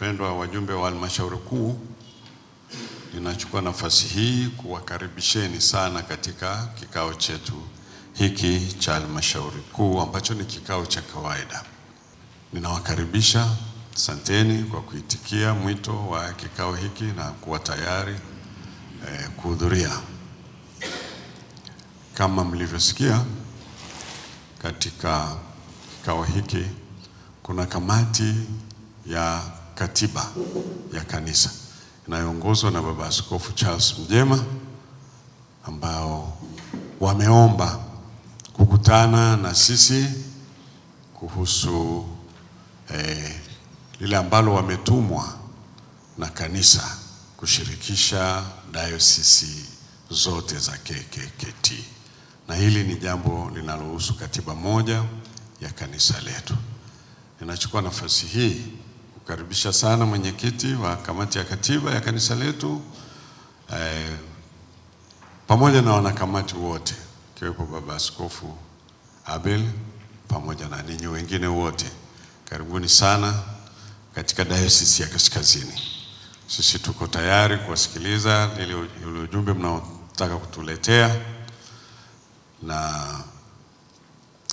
Wapendwa wajumbe wa halmashauri kuu, ninachukua nafasi hii kuwakaribisheni sana katika kikao chetu hiki cha halmashauri kuu ambacho ni kikao cha kawaida. Ninawakaribisha, asanteni kwa kuitikia mwito wa kikao hiki na kuwa tayari eh, kuhudhuria. Kama mlivyosikia katika kikao hiki kuna kamati ya katiba ya kanisa inayoongozwa na Baba Askofu Charles Mjema ambao wameomba kukutana na sisi kuhusu eh, lile ambalo wametumwa na kanisa kushirikisha dayosisi zote za KKKT, na hili ni jambo linalohusu katiba moja ya kanisa letu. Ninachukua nafasi hii kukaribisha sana mwenyekiti wa kamati ya katiba ya kanisa letu eh, pamoja na wanakamati wote ikiwepo baba askofu Abel pamoja na ninyi wengine wote, karibuni sana katika dayosisi ya Kaskazini. Sisi tuko tayari kuwasikiliza ile ujumbe mnaotaka kutuletea, na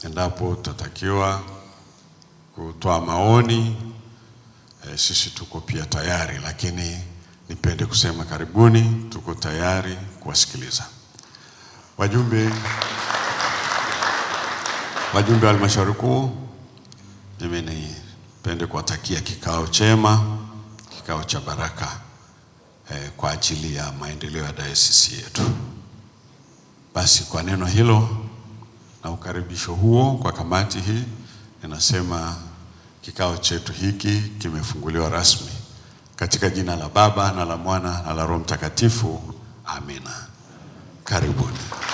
endapo tutatakiwa kutoa maoni e, sisi tuko pia tayari, lakini nipende kusema karibuni, tuko tayari kuwasikiliza wajumbe wajumbe wa halmashauri kuu. Mimi nipende kuwatakia kikao chema, kikao cha baraka e, kwa ajili ya maendeleo ya dayosisi yetu. Basi kwa neno hilo na ukaribisho huo kwa kamati hii ninasema Kikao chetu hiki kimefunguliwa rasmi katika jina la Baba na la Mwana na la Roho Mtakatifu. Amina. Karibuni.